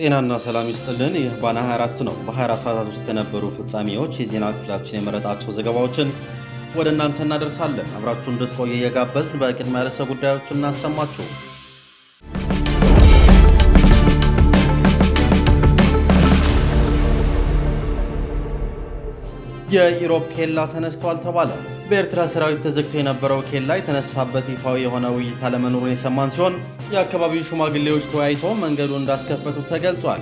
ጤናና ሰላም ይስጥልን። ይህ ባና 24 ነው። በ24 ሰዓታት ውስጥ ከነበሩ ፍጻሜዎች የዜና ክፍላችን የመረጣቸው ዘገባዎችን ወደ እናንተ እናደርሳለን። አብራችሁ እንድትቆየ እየጋበዝን በቅድሚያ ርዕሰ ጉዳዮች እናሰማችሁ። የኢሮብ ኬላ ተነስቷል ተባለ። በኤርትራ ሰራዊት ተዘግቶ የነበረው ኬላ የተነሳበት ይፋዊ የሆነ ውይይት አለመኖሩን የሰማን ሲሆን የአካባቢው ሽማግሌዎች ተወያይቶ መንገዱን እንዳስከፈቱ ተገልጿል።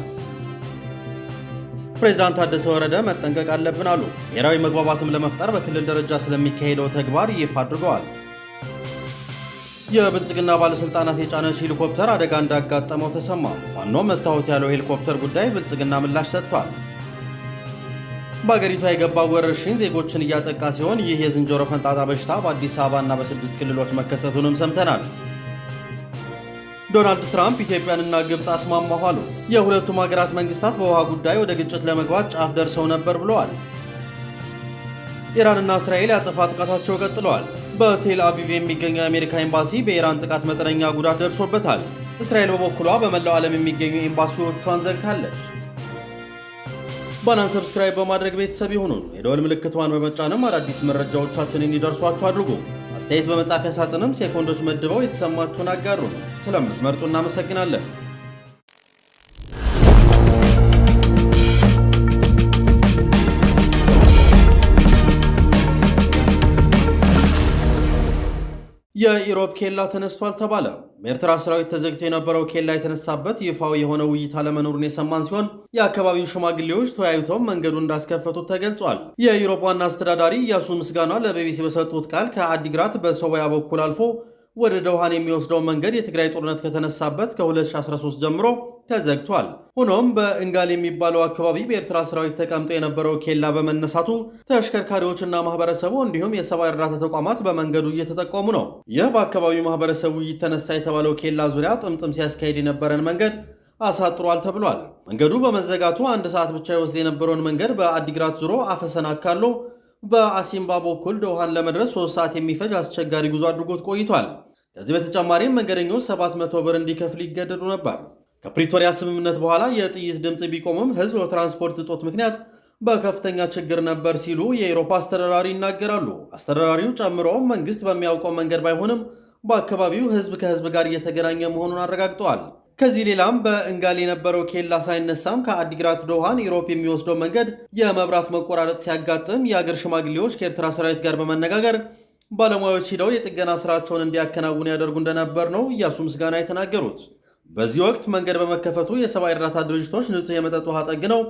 ፕሬዚዳንት ታደሰ ወረደ መጠንቀቅ አለብን አሉ። ብሔራዊ መግባባትም ለመፍጠር በክልል ደረጃ ስለሚካሄደው ተግባር ይፋ አድርገዋል። የብልጽግና ባለሥልጣናት የጫነች ሄሊኮፕተር አደጋ እንዳጋጠመው ተሰማ። ፋኖ መታወት ያለው ሄሊኮፕተር ጉዳይ ብልጽግና ምላሽ ሰጥቷል። በአገሪቷ የገባው ወረርሽኝ ዜጎችን እያጠቃ ሲሆን ይህ የዝንጀሮ ፈንጣጣ በሽታ በአዲስ አበባ እና በስድስት ክልሎች መከሰቱንም ሰምተናል። ዶናልድ ትራምፕ ኢትዮጵያንና ግብፅ አስማማሁ አሉ። የሁለቱም ሀገራት መንግስታት በውሃ ጉዳይ ወደ ግጭት ለመግባት ጫፍ ደርሰው ነበር ብለዋል። ኢራንና እስራኤል ያጸፋ ጥቃታቸው ቀጥለዋል። በቴል አቪቭ የሚገኘው የአሜሪካ ኤምባሲ በኢራን ጥቃት መጠነኛ ጉዳት ደርሶበታል። እስራኤል በበኩሏ በመላው ዓለም የሚገኙ ኤምባሲዎቿን ዘግታለች። ባናን ሰብስክራይብ በማድረግ ቤተሰብ ይሆኑ የደወል ምልክቷን በመጫንም አዳዲስ መረጃዎቻችን እንዲደርሷችሁ አድርጉ። አስተያየት በመጻፊያ ሳጥንም ሴኮንዶች መድበው የተሰማችሁን አጋሩን። ስለምትመርጡ እናመሰግናለን። የኢሮብ ኬላ ተነስቷል ተባለ። በኤርትራ ሰራዊት ተዘግቶ የነበረው ኬላ የተነሳበት ይፋው የሆነ ውይይት አለመኖሩን የሰማን ሲሆን የአካባቢው ሽማግሌዎች ተወያይተው መንገዱን እንዳስከፈቱት ተገልጿል። የኢሮብ ዋና አስተዳዳሪ ኢያሱ ምስጋና ለቢቢሲ በሰጡት ቃል ከአዲግራት በሶባያ በኩል አልፎ ወደ ደውሃን የሚወስደው መንገድ የትግራይ ጦርነት ከተነሳበት ከ2013 ጀምሮ ተዘግቷል። ሆኖም በእንጋል የሚባለው አካባቢ በኤርትራ ሰራዊት ተቀምጦ የነበረው ኬላ በመነሳቱ ተሽከርካሪዎችና ማህበረሰቡ እንዲሁም የሰብአዊ እርዳታ ተቋማት በመንገዱ እየተጠቀሙ ነው። ይህ በአካባቢው ማህበረሰቡ ይተነሳ የተባለው ኬላ ዙሪያ ጥምጥም ሲያስካሄድ የነበረን መንገድ አሳጥሯል ተብሏል። መንገዱ በመዘጋቱ አንድ ሰዓት ብቻ ይወስድ የነበረውን መንገድ በአዲግራት ዙሮ አፈሰን አካሎ በአሲምባ በኩል ደውሃን ለመድረስ ሶስት ሰዓት የሚፈጅ አስቸጋሪ ጉዞ አድርጎት ቆይቷል። ከዚህ በተጨማሪም መንገደኞች 700 ብር እንዲከፍል ይገደዱ ነበር። ከፕሪቶሪያ ስምምነት በኋላ የጥይት ድምፅ ቢቆምም ህዝብ በትራንስፖርት እጦት ምክንያት በከፍተኛ ችግር ነበር ሲሉ የአውሮፓ አስተዳዳሪ ይናገራሉ። አስተዳዳሪው ጨምሮም መንግስት በሚያውቀው መንገድ ባይሆንም በአካባቢው ህዝብ ከህዝብ ጋር እየተገናኘ መሆኑን አረጋግጠዋል። ከዚህ ሌላም በእንጋል የነበረው ኬላ ሳይነሳም ከአዲግራት ዶሃን ኢሮፕ የሚወስደው መንገድ የመብራት መቆራረጥ ሲያጋጥም የአገር ሽማግሌዎች ከኤርትራ ሰራዊት ጋር በመነጋገር ባለሙያዎች ሂደው የጥገና ስራቸውን እንዲያከናውኑ ያደርጉ እንደነበር ነው እያሱ ምስጋና የተናገሩት። በዚህ ወቅት መንገድ በመከፈቱ የሰብአዊ እርዳታ ድርጅቶች ንጹህ የመጠጥ ውሃ ጠግነው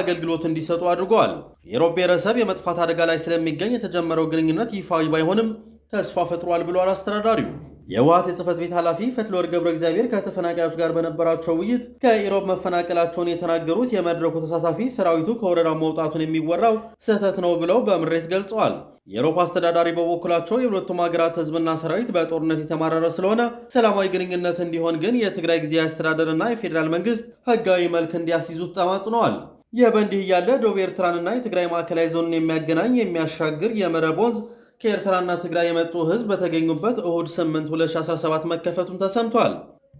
አገልግሎት እንዲሰጡ አድርገዋል። የሮብ ብሔረሰብ የመጥፋት አደጋ ላይ ስለሚገኝ የተጀመረው ግንኙነት ይፋዊ ባይሆንም ተስፋ ፈጥሯል ብሏል አስተዳዳሪው። የህወሓት የጽህፈት ቤት ኃላፊ ፈትለወርቅ ገብረ እግዚአብሔር ከተፈናቃዮች ጋር በነበራቸው ውይይት ከኢሮብ መፈናቀላቸውን የተናገሩት የመድረኩ ተሳታፊ ሰራዊቱ ከወረዳው መውጣቱን የሚወራው ስህተት ነው ብለው በምሬት ገልጸዋል። የኢሮብ አስተዳዳሪ በበኩላቸው የሁለቱም ሀገራት ህዝብና ሰራዊት በጦርነት የተማረረ ስለሆነ ሰላማዊ ግንኙነት እንዲሆን ግን የትግራይ ጊዜያዊ አስተዳደርና የፌዴራል መንግስት ህጋዊ መልክ እንዲያስይዙት ተማጽነዋል። ይህ በእንዲህ እያለ ደቡብ ኤርትራንና የትግራይ ማዕከላዊ ዞንን የሚያገናኝ የሚያሻግር የመረብ ወንዝ ከኤርትራና ትግራይ የመጡ ህዝብ በተገኙበት እሁድ 8 2017 መከፈቱን ተሰምቷል።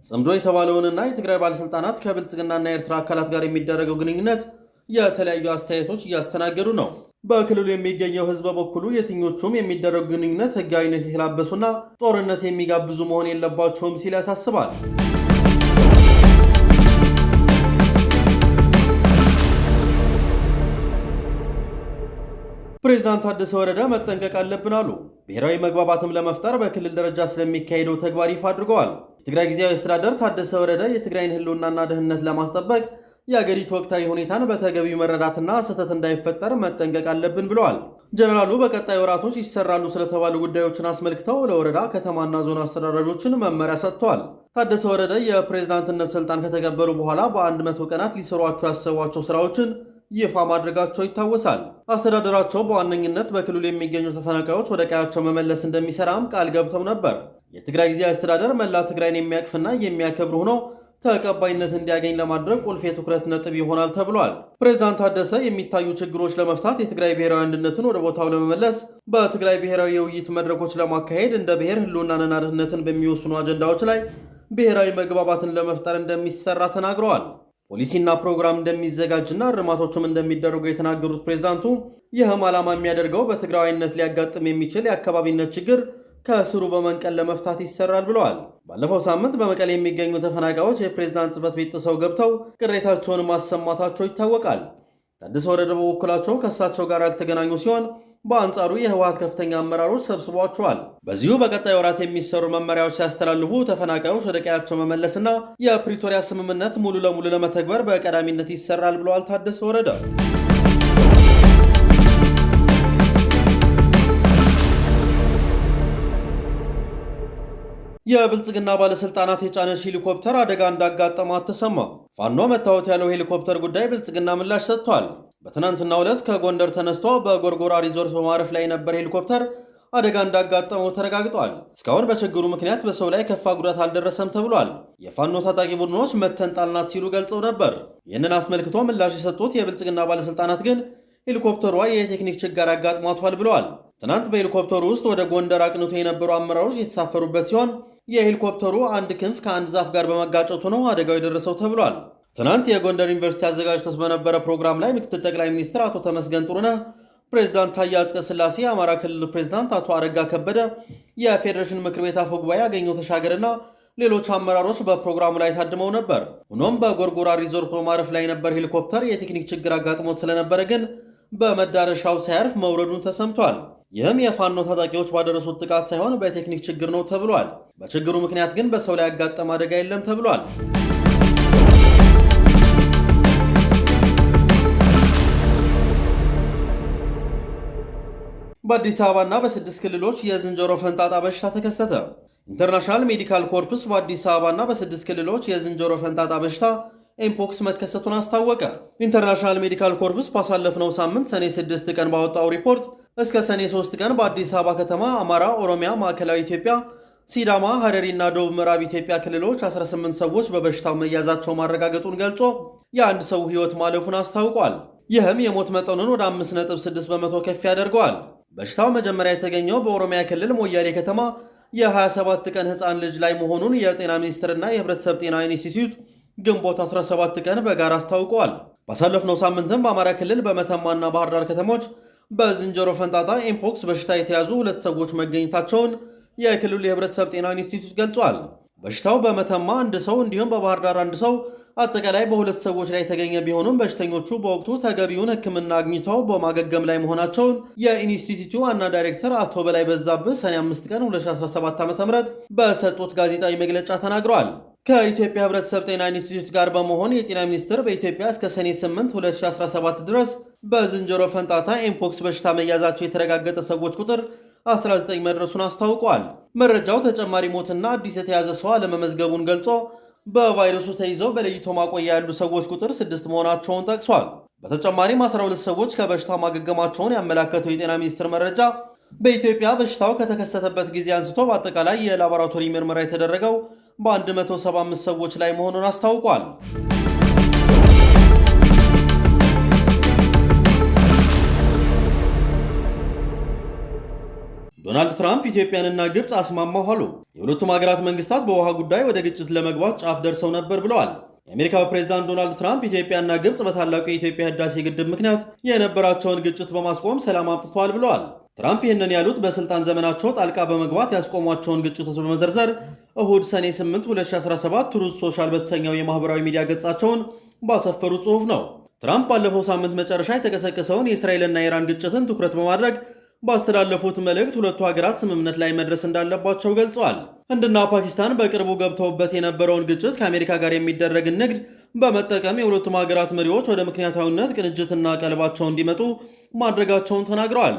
ጽምዶ የተባለውንና የትግራይ ባለሥልጣናት ከብልጽግናና የኤርትራ አካላት ጋር የሚደረገው ግንኙነት የተለያዩ አስተያየቶች እያስተናገዱ ነው። በክልሉ የሚገኘው ህዝብ በበኩሉ የትኞቹም የሚደረጉ ግንኙነት ህጋዊነት የተላበሱና ጦርነት የሚጋብዙ መሆን የለባቸውም ሲል ያሳስባል። ፕሬዚዳንት ታደሰ ወረደ መጠንቀቅ አለብን አሉ። ብሔራዊ መግባባትም ለመፍጠር በክልል ደረጃ ስለሚካሄደው ተግባር ይፋ አድርገዋል። የትግራይ ጊዜያዊ አስተዳደር ታደሰ ወረደ የትግራይን ህልውናና ደህንነት ለማስጠበቅ የአገሪቱ ወቅታዊ ሁኔታን በተገቢው መረዳትና ስህተት እንዳይፈጠር መጠንቀቅ አለብን ብለዋል። ጀነራሉ በቀጣይ ወራቶች ይሰራሉ ስለተባሉ ጉዳዮችን አስመልክተው ለወረዳ ከተማና ዞን አስተዳዳሪዎችን መመሪያ ሰጥተዋል። ታደሰ ወረደ የፕሬዝዳንትነት ስልጣን ከተቀበሉ በኋላ በአንድ መቶ ቀናት ሊሰሯቸው ያሰቧቸው ስራዎችን ይፋ ማድረጋቸው ይታወሳል። አስተዳደራቸው በዋነኝነት በክልሉ የሚገኙ ተፈናቃዮች ወደ ቀያቸው መመለስ እንደሚሰራም ቃል ገብተው ነበር። የትግራይ ጊዜያዊ አስተዳደር መላ ትግራይን የሚያቅፍና የሚያከብር ሆኖ ተቀባይነት እንዲያገኝ ለማድረግ ቁልፍ የትኩረት ነጥብ ይሆናል ተብሏል። ፕሬዚዳንት ታደሰ የሚታዩ ችግሮች ለመፍታት የትግራይ ብሔራዊ አንድነትን ወደ ቦታው ለመመለስ በትግራይ ብሔራዊ የውይይት መድረኮች ለማካሄድ እንደ ብሔር ሕልውናንና ደህንነትን በሚወስኑ አጀንዳዎች ላይ ብሔራዊ መግባባትን ለመፍጠር እንደሚሰራ ተናግረዋል። ፖሊሲና ፕሮግራም እንደሚዘጋጅና እርማቶችም እንደሚደረጉ የተናገሩት ፕሬዝዳንቱ ይህም ዓላማ የሚያደርገው በትግራዊነት ሊያጋጥም የሚችል የአካባቢነት ችግር ከስሩ በመንቀል ለመፍታት ይሰራል ብለዋል። ባለፈው ሳምንት በመቀሌ የሚገኙ ተፈናቃዮች የፕሬዝዳንት ጽሕፈት ቤት ጥሰው ገብተው ቅሬታቸውን ማሰማታቸው ይታወቃል። ታደሰ ወረደ በበኩላቸው ከእሳቸው ጋር ያልተገናኙ ሲሆን በአንጻሩ የህወሀት ከፍተኛ አመራሮች ሰብስቧቸዋል። በዚሁ በቀጣይ ወራት የሚሰሩ መመሪያዎች ሲያስተላልፉ ተፈናቃዮች ወደ ቀያቸው መመለስና የፕሪቶሪያ ስምምነት ሙሉ ለሙሉ ለመተግበር በቀዳሚነት ይሰራል ብለዋል ታደሰ ወረደ። የብልጽግና ባለሥልጣናት የጫነች ሄሊኮፕተር አደጋ እንዳጋጠማት ተሰማ። ፋኖ መታወት ያለው ሄሊኮፕተር ጉዳይ ብልጽግና ምላሽ ሰጥቷል። በትናንትናው ዕለት ከጎንደር ተነስቶ በጎርጎራ ሪዞርት በማረፍ ላይ የነበረ ሄሊኮፕተር አደጋ እንዳጋጠመው ተረጋግጧል። እስካሁን በችግሩ ምክንያት በሰው ላይ ከፋ ጉዳት አልደረሰም ተብሏል። የፋኖ ታጣቂ ቡድኖች መተን ጣልናት ሲሉ ገልጸው ነበር። ይህንን አስመልክቶ ምላሽ የሰጡት የብልጽግና ባለሥልጣናት ግን ሄሊኮፕተሯ የቴክኒክ ችግር አጋጥሟቷል ብለዋል። ትናንት በሄሊኮፕተሩ ውስጥ ወደ ጎንደር አቅንቶ የነበሩ አመራሮች የተሳፈሩበት ሲሆን የሄሊኮፕተሩ አንድ ክንፍ ከአንድ ዛፍ ጋር በመጋጨቱ ነው አደጋው የደረሰው ተብሏል። ትናንት የጎንደር ዩኒቨርሲቲ አዘጋጅቶት በነበረ ፕሮግራም ላይ ምክትል ጠቅላይ ሚኒስትር አቶ ተመስገን ጥሩነህ፣ ፕሬዚዳንት ታዬ አጽቀ ሥላሴ፣ የአማራ ክልል ፕሬዚዳንት አቶ አረጋ ከበደ፣ የፌዴሬሽን ምክር ቤት አፈ ጉባኤ አገኘሁ ተሻገርና ሌሎች አመራሮች በፕሮግራሙ ላይ ታድመው ነበር። ሆኖም በጎርጎራ ሪዞርት በማረፍ ላይ ነበር ሄሊኮፕተር የቴክኒክ ችግር አጋጥሞት ስለነበረ ግን በመዳረሻው ሳያርፍ መውረዱን ተሰምቷል። ይህም የፋኖ ታጣቂዎች ባደረሱት ጥቃት ሳይሆን በቴክኒክ ችግር ነው ተብሏል። በችግሩ ምክንያት ግን በሰው ላይ ያጋጠመ አደጋ የለም ተብሏል። በአዲስ አበባና በስድስት ክልሎች የዝንጀሮ ፈንጣጣ በሽታ ተከሰተ። ኢንተርናሽናል ሜዲካል ኮርፕስ በአዲስ አበባና በስድስት ክልሎች የዝንጀሮ ፈንጣጣ በሽታ ኤምፖክስ መከሰቱን አስታወቀ። ኢንተርናሽናል ሜዲካል ኮርፕስ ባሳለፍነው ሳምንት ሰኔ 6 ቀን ባወጣው ሪፖርት እስከ ሰኔ 3 ቀን በአዲስ አበባ ከተማ፣ አማራ፣ ኦሮሚያ፣ ማዕከላዊ ኢትዮጵያ፣ ሲዳማ፣ ሀረሪና ደቡብ ምዕራብ ኢትዮጵያ ክልሎች 18 ሰዎች በበሽታው መያዛቸው ማረጋገጡን ገልጾ የአንድ ሰው ሕይወት ማለፉን አስታውቋል። ይህም የሞት መጠኑን ወደ 5.6 በመቶ ከፍ ያደርገዋል። በሽታው መጀመሪያ የተገኘው በኦሮሚያ ክልል ሞያሌ ከተማ የ27 ቀን ህፃን ልጅ ላይ መሆኑን የጤና ሚኒስቴርና የህብረተሰብ ጤና ኢንስቲትዩት ግንቦት 17 ቀን በጋራ አስታውቀዋል። ባሳለፍነው ሳምንትም በአማራ ክልል በመተማና ባህር ዳር ከተሞች በዝንጀሮ ፈንጣጣ ኢምፖክስ በሽታ የተያዙ ሁለት ሰዎች መገኘታቸውን የክልሉ የህብረተሰብ ጤና ኢንስቲትዩት ገልጿል። በሽታው በመተማ አንድ ሰው እንዲሁም በባህር ዳር አንድ ሰው አጠቃላይ በሁለት ሰዎች ላይ የተገኘ ቢሆኑም በሽተኞቹ በወቅቱ ተገቢውን ሕክምና አግኝተው በማገገም ላይ መሆናቸውን የኢንስቲትዩቱ ዋና ዳይሬክተር አቶ በላይ በዛብህ ሰኔ 5 ቀን 2017 ዓ ም በሰጡት ጋዜጣዊ መግለጫ ተናግረዋል። ከኢትዮጵያ ህብረተሰብ ጤና ኢንስቲትዩት ጋር በመሆን የጤና ሚኒስቴር በኢትዮጵያ እስከ ሰኔ 8 2017 ድረስ በዝንጀሮ ፈንጣጣ ኤምፖክስ በሽታ መያዛቸው የተረጋገጠ ሰዎች ቁጥር 19 መድረሱን አስታውቋል። መረጃው ተጨማሪ ሞትና አዲስ የተያዘ ሰው አለመመዝገቡን ገልጾ በቫይረሱ ተይዘው በለይቶ ማቆያ ያሉ ሰዎች ቁጥር ስድስት መሆናቸውን ጠቅሷል። በተጨማሪም 12 ሰዎች ከበሽታ ማገገማቸውን ያመላከተው የጤና ሚኒስቴር መረጃ በኢትዮጵያ በሽታው ከተከሰተበት ጊዜ አንስቶ በአጠቃላይ የላቦራቶሪ ምርመራ የተደረገው በ175 ሰዎች ላይ መሆኑን አስታውቋል። ዶናልድ ትራምፕ ኢትዮጵያንና ግብፅ አስማማሁ አሉ። የሁለቱም ሀገራት መንግስታት በውሃ ጉዳይ ወደ ግጭት ለመግባት ጫፍ ደርሰው ነበር ብለዋል። የአሜሪካው ፕሬዚዳንት ዶናልድ ትራምፕ ኢትዮጵያና ግብፅ በታላቁ የኢትዮጵያ ህዳሴ ግድብ ምክንያት የነበራቸውን ግጭት በማስቆም ሰላም አምጥተዋል ብለዋል። ትራምፕ ይህንን ያሉት በስልጣን ዘመናቸው ጣልቃ በመግባት ያስቆሟቸውን ግጭቶች በመዘርዘር እሁድ ሰኔ 8 2017 ትሩዝ ሶሻል በተሰኘው የማኅበራዊ ሚዲያ ገጻቸውን ባሰፈሩ ጽሑፍ ነው። ትራምፕ ባለፈው ሳምንት መጨረሻ የተቀሰቀሰውን የእስራኤልና የኢራን ግጭትን ትኩረት በማድረግ ባስተላለፉት መልእክት ሁለቱ ሀገራት ስምምነት ላይ መድረስ እንዳለባቸው ገልጸዋል። ህንድና ፓኪስታን በቅርቡ ገብተውበት የነበረውን ግጭት ከአሜሪካ ጋር የሚደረግ ንግድ በመጠቀም የሁለቱም ሀገራት መሪዎች ወደ ምክንያታዊነት ቅንጅትና ቀልባቸው እንዲመጡ ማድረጋቸውን ተናግረዋል።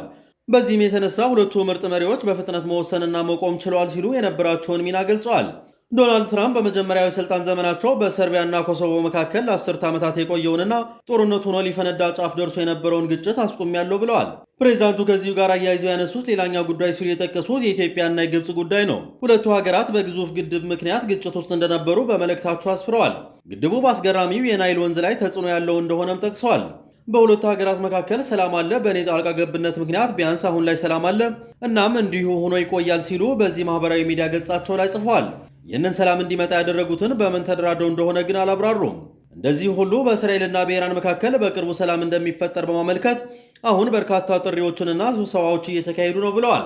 በዚህም የተነሳ ሁለቱ ምርጥ መሪዎች በፍጥነት መወሰንና መቆም ችለዋል ሲሉ የነበራቸውን ሚና ገልጸዋል። ዶናልድ ትራምፕ በመጀመሪያው የሥልጣን ዘመናቸው በሰርቢያና ኮሶቮ መካከል ለአስርተ ዓመታት የቆየውንና ጦርነት ሆኖ ሊፈነዳ ጫፍ ደርሶ የነበረውን ግጭት አስቆሚያለሁ ብለዋል። ፕሬዚዳንቱ ከዚሁ ጋር አያይዘው ያነሱት ሌላኛው ጉዳይ ሲሉ የጠቀሱት የኢትዮጵያና የግብፅ ጉዳይ ነው። ሁለቱ ሀገራት በግዙፍ ግድብ ምክንያት ግጭት ውስጥ እንደነበሩ በመልእክታቸው አስፍረዋል። ግድቡ በአስገራሚው የናይል ወንዝ ላይ ተጽዕኖ ያለው እንደሆነም ጠቅሰዋል። በሁለቱ ሀገራት መካከል ሰላም አለ። በእኔ ጣልቃ ገብነት ምክንያት ቢያንስ አሁን ላይ ሰላም አለ። እናም እንዲሁ ሆኖ ይቆያል ሲሉ በዚህ ማህበራዊ ሚዲያ ገጻቸው ላይ ጽፏል። ይህንን ሰላም እንዲመጣ ያደረጉትን በምን ተደራድረው እንደሆነ ግን አላብራሩም። እንደዚህ ሁሉ በእስራኤልና በኢራን መካከል በቅርቡ ሰላም እንደሚፈጠር በማመልከት አሁን በርካታ ጥሪዎችንና ስብሰባዎች እየተካሄዱ ነው ብለዋል።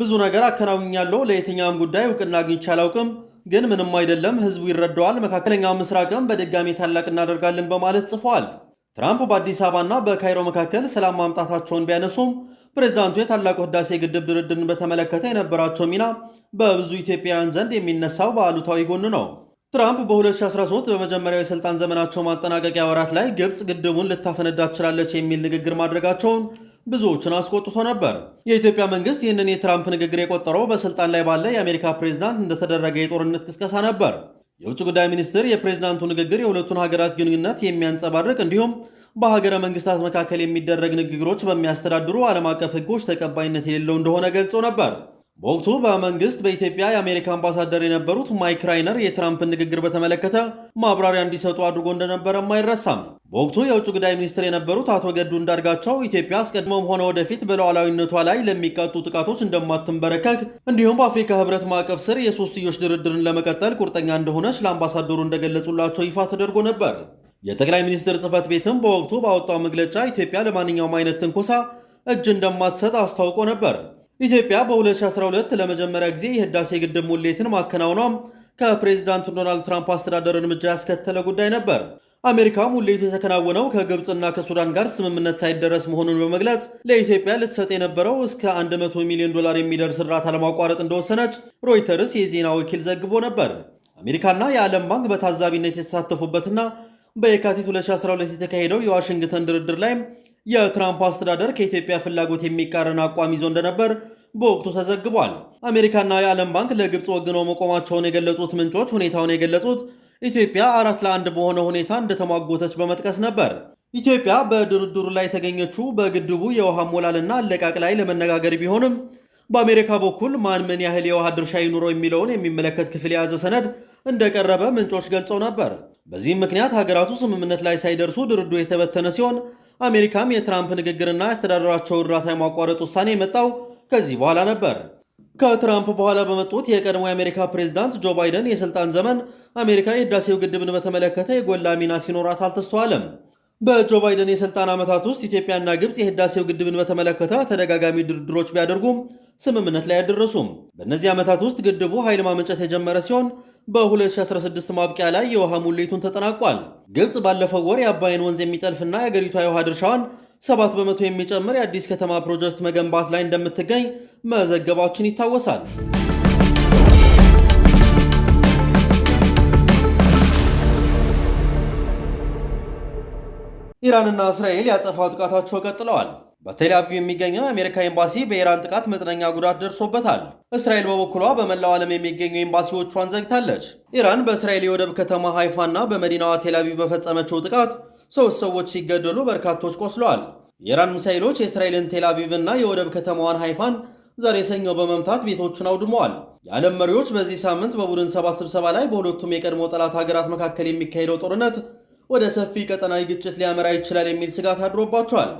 ብዙ ነገር አከናውኛለሁ፣ ለየትኛውም ጉዳይ እውቅና አግኝቼ አላውቅም፣ ግን ምንም አይደለም፣ ህዝቡ ይረዳዋል፣ መካከለኛው ምስራቅም በድጋሚ ታላቅ እናደርጋለን በማለት ጽፏል። ትራምፕ በአዲስ አበባና በካይሮ መካከል ሰላም ማምጣታቸውን ቢያነሱም ፕሬዝዳንቱ የታላቁ ህዳሴ ግድብ ድርድርን በተመለከተ የነበራቸው ሚና በብዙ ኢትዮጵያውያን ዘንድ የሚነሳው በአሉታዊ ጎን ነው። ትራምፕ በ2013 በመጀመሪያው የሥልጣን ዘመናቸው ማጠናቀቂያ ወራት ላይ ግብፅ ግድቡን ልታፈነዳ ትችላለች የሚል ንግግር ማድረጋቸውን ብዙዎችን አስቆጥቶ ነበር። የኢትዮጵያ መንግስት ይህንን የትራምፕ ንግግር የቆጠረው በስልጣን ላይ ባለ የአሜሪካ ፕሬዝዳንት እንደተደረገ የጦርነት ቅስቀሳ ነበር። የውጭ ጉዳይ ሚኒስትር የፕሬዝዳንቱ ንግግር የሁለቱን ሀገራት ግንኙነት የሚያንጸባርቅ እንዲሁም በሀገረ መንግስታት መካከል የሚደረግ ንግግሮች በሚያስተዳድሩ ዓለም አቀፍ ህጎች ተቀባይነት የሌለው እንደሆነ ገልጾ ነበር። በወቅቱ በመንግስት በኢትዮጵያ የአሜሪካ አምባሳደር የነበሩት ማይክ ራይነር የትራምፕን ንግግር በተመለከተ ማብራሪያ እንዲሰጡ አድርጎ እንደነበረም አይረሳም። በወቅቱ የውጭ ጉዳይ ሚኒስትር የነበሩት አቶ ገዱ እንዳርጋቸው ኢትዮጵያ አስቀድሞም ሆነ ወደፊት በሉዓላዊነቷ ላይ ለሚቃጡ ጥቃቶች እንደማትንበረከክ እንዲሁም በአፍሪካ ህብረት ማዕቀፍ ስር የሶስትዮሽ ድርድርን ለመቀጠል ቁርጠኛ እንደሆነች ለአምባሳደሩ እንደገለጹላቸው ይፋ ተደርጎ ነበር። የጠቅላይ ሚኒስትር ጽህፈት ቤትም በወቅቱ ባወጣው መግለጫ ኢትዮጵያ ለማንኛውም አይነት ትንኮሳ እጅ እንደማትሰጥ አስታውቆ ነበር። ኢትዮጵያ በ2012 ለመጀመሪያ ጊዜ የህዳሴ ግድብ ሙሌትን ማከናወኗም ከፕሬዚዳንት ዶናልድ ትራምፕ አስተዳደር እርምጃ ያስከተለ ጉዳይ ነበር። አሜሪካ ሙሌቱ የተከናወነው ከግብፅና ከሱዳን ጋር ስምምነት ሳይደረስ መሆኑን በመግለጽ ለኢትዮጵያ ልትሰጥ የነበረው እስከ 100 ሚሊዮን ዶላር የሚደርስ እርዳታ ለማቋረጥ እንደወሰነች ሮይተርስ የዜና ወኪል ዘግቦ ነበር። አሜሪካና የዓለም ባንክ በታዛቢነት የተሳተፉበትና በየካቲት 2012 የተካሄደው የዋሽንግተን ድርድር ላይ የትራምፕ አስተዳደር ከኢትዮጵያ ፍላጎት የሚቃረን አቋም ይዞ እንደነበር በወቅቱ ተዘግቧል። አሜሪካና የዓለም ባንክ ለግብፅ ወግነው መቆማቸውን የገለጹት ምንጮች ሁኔታውን የገለጹት ኢትዮጵያ አራት ለአንድ በሆነ ሁኔታ እንደተሟጎተች በመጥቀስ ነበር። ኢትዮጵያ በድርድሩ ላይ የተገኘችው በግድቡ የውሃ ሞላልና አለቃቅ ላይ ለመነጋገር ቢሆንም በአሜሪካ በኩል ማን ምን ያህል የውሃ ድርሻ ይኑረው የሚለውን የሚመለከት ክፍል የያዘ ሰነድ እንደቀረበ ምንጮች ገልጸው ነበር። በዚህም ምክንያት ሀገራቱ ስምምነት ላይ ሳይደርሱ ድርድሩ የተበተነ ሲሆን አሜሪካም የትራምፕ ንግግርና ያስተዳደራቸው እርዳታ የማቋረጥ ውሳኔ የመጣው ከዚህ በኋላ ነበር። ከትራምፕ በኋላ በመጡት የቀድሞ የአሜሪካ ፕሬዚዳንት ጆ ባይደን የሥልጣን ዘመን አሜሪካ የህዳሴው ግድብን በተመለከተ የጎላ ሚና ሲኖራት አልተስተዋለም። በጆ ባይደን የሥልጣን ዓመታት ውስጥ ኢትዮጵያና ግብፅ የህዳሴው ግድብን በተመለከተ ተደጋጋሚ ድርድሮች ቢያደርጉም ስምምነት ላይ አልደረሱም። በእነዚህ ዓመታት ውስጥ ግድቡ ኃይል ማመንጨት የጀመረ ሲሆን በ2016 ማብቂያ ላይ የውሃ ሙሌቱን ተጠናቋል። ግብፅ ባለፈው ወር የአባይን ወንዝ የሚጠልፍና የአገሪቷ የውሃ ድርሻዋን 7 በመቶ የሚጨምር የአዲስ ከተማ ፕሮጀክት መገንባት ላይ እንደምትገኝ መዘገባችን ይታወሳል። ኢራንና እስራኤል ያጸፋ ጥቃታቸው ቀጥለዋል። በቴል የሚገኘው የአሜሪካ ኤምባሲ በኢራን ጥቃት መጠነኛ ጉዳት ደርሶበታል። እስራኤል በበኩሏ በመላው ዓለም የሚገኙ ኤምባሲዎቿን ዘግታለች። ኢራን በእስራኤል የወደብ ከተማ ሃይፋና በመዲናዋ ቴል በፈጸመችው ጥቃት ሶስት ሰዎች ሲገደሉ በርካቶች ቆስለዋል። የኢራን ሚሳይሎች የእስራኤልን ቴል አቪቭና የወደብ ከተማዋን ሃይፋን ዛሬ ሰኞ በመምታት ቤቶቹን አውድመዋል። የዓለም መሪዎች በዚህ ሳምንት በቡድን ሰባት ስብሰባ ላይ በሁለቱም የቀድሞ ጠላት ሀገራት መካከል የሚካሄደው ጦርነት ወደ ሰፊ ቀጠናዊ ግጭት ሊያመራ ይችላል የሚል ስጋት አድሮባቸዋል።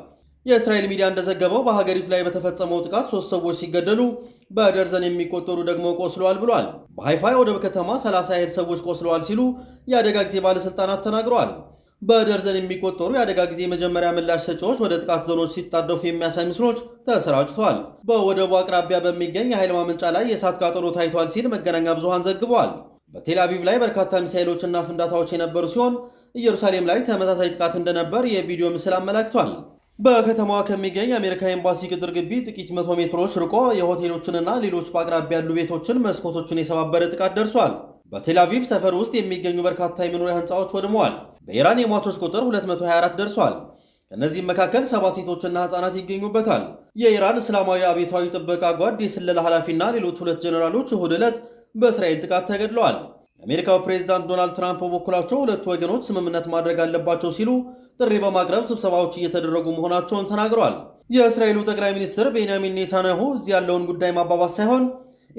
የእስራኤል ሚዲያ እንደዘገበው በሀገሪቱ ላይ በተፈጸመው ጥቃት ሶስት ሰዎች ሲገደሉ በደርዘን የሚቆጠሩ ደግሞ ቆስለዋል ብሏል። በሃይፋ የወደብ ከተማ 30 ያህል ሰዎች ቆስለዋል ሲሉ የአደጋ ጊዜ ባለሥልጣናት ተናግረዋል። በደርዘን የሚቆጠሩ የአደጋ ጊዜ መጀመሪያ ምላሽ ሰጪዎች ወደ ጥቃት ዞኖች ሲጣደፉ የሚያሳይ ምስሎች ተሰራጭተዋል። በወደቡ አቅራቢያ በሚገኝ የኃይል ማመንጫ ላይ የእሳት ቃጠሎ ታይቷል ሲል መገናኛ ብዙሃን ዘግበዋል። በቴልአቪቭ ላይ በርካታ ሚሳይሎችና ፍንዳታዎች የነበሩ ሲሆን ኢየሩሳሌም ላይ ተመሳሳይ ጥቃት እንደነበር የቪዲዮ ምስል አመላክቷል። በከተማዋ ከሚገኝ የአሜሪካ ኤምባሲ ቅጥር ግቢ ጥቂት መቶ ሜትሮች ርቆ የሆቴሎችንና ሌሎች በአቅራቢያ ያሉ ቤቶችን መስኮቶችን የሰባበረ ጥቃት ደርሷል። በቴል ሰፈር ውስጥ የሚገኙ በርካታ የመኖሪያ ሕንፃዎች ወድመዋል። በኢራን የሟቾች ቁጥር 224 ደርሷል። ከእነዚህም መካከል ሰባ ሴቶችና ህፃናት ይገኙበታል። የኢራን እስላማዊ አብዮታዊ ጥበቃ ጓድ የስለላ ኃላፊና ሌሎች ሁለት ጄኔራሎች እሁድ ዕለት በእስራኤል ጥቃት ተገድለዋል። የአሜሪካው ፕሬዚዳንት ዶናልድ ትራምፕ በበኩላቸው ሁለቱ ወገኖች ስምምነት ማድረግ አለባቸው ሲሉ ጥሪ በማቅረብ ስብሰባዎች እየተደረጉ መሆናቸውን ተናግረዋል። የእስራኤሉ ጠቅላይ ሚኒስትር ቤንያሚን ኔታንያሁ እዚህ ያለውን ጉዳይ ማባባስ ሳይሆን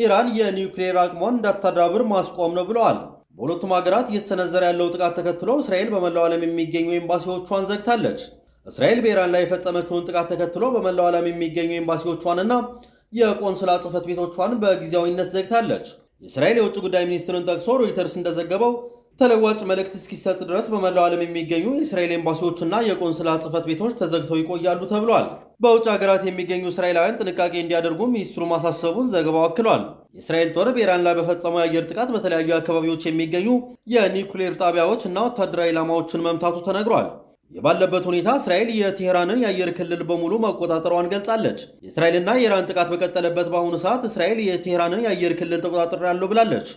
ኢራን የኒውክሌር አቅሟን እንዳታዳብር ማስቆም ነው ብለዋል። በሁለቱም ሀገራት እየተሰነዘረ ያለው ጥቃት ተከትሎ እስራኤል በመላው ዓለም የሚገኙ ኤምባሲዎቿን ዘግታለች። እስራኤል በኢራን ላይ የፈጸመችውን ጥቃት ተከትሎ በመላው ዓለም የሚገኙ ኤምባሲዎቿንና የቆንስላ ጽህፈት ቤቶቿን በጊዜያዊነት ዘግታለች። የእስራኤል የውጭ ጉዳይ ሚኒስትርን ጠቅሶ ሮይተርስ እንደዘገበው ተለዋጭ መልእክት እስኪሰጥ ድረስ በመላው ዓለም የሚገኙ የእስራኤል ኤምባሲዎችና የቆንስላ ጽህፈት ቤቶች ተዘግተው ይቆያሉ ተብሏል። በውጭ ሀገራት የሚገኙ እስራኤላውያን ጥንቃቄ እንዲያደርጉ ሚኒስትሩ ማሳሰቡን ዘገባው አክሏል። የእስራኤል ጦር በኢራን ላይ በፈጸመው የአየር ጥቃት በተለያዩ አካባቢዎች የሚገኙ የኒውክሌር ጣቢያዎች እና ወታደራዊ ኢላማዎችን መምታቱ ተነግሯል። የባለበት ሁኔታ እስራኤል የቴህራንን የአየር ክልል በሙሉ መቆጣጠሯን ገልጻለች። የእስራኤልና የኢራን ጥቃት በቀጠለበት በአሁኑ ሰዓት እስራኤል የቴህራንን የአየር ክልል ያለው ብላለች።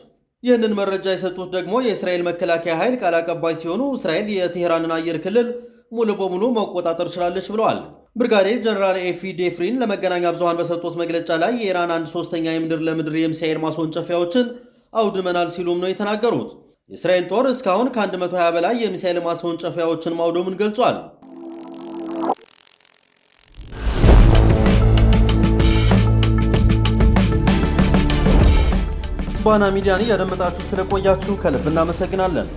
ይህንን መረጃ የሰጡት ደግሞ የእስራኤል መከላከያ ኃይል ቃል አቀባይ ሲሆኑ እስራኤል የቴህራንን አየር ክልል ሙሉ በሙሉ መቆጣጠር ችላለች ብለዋል። ብርጋዴ ጀነራል ኤፊ ዴፍሪን ለመገናኛ ብዙሃን በሰጡት መግለጫ ላይ የኢራን አንድ ሶስተኛ የምድር ለምድር የሚሳኤል ማስወንጨፊያዎችን አውድመናል ሲሉም ነው የተናገሩት። የእስራኤል ጦር እስካሁን ከ120 በላይ የሚሳኤል ማስወንጨፊያዎችን ማውደሙን ገልጿል። ባና ሚዲያን እያደመጣችሁ ስለቆያችሁ ከልብ እናመሰግናለን።